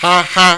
哈哈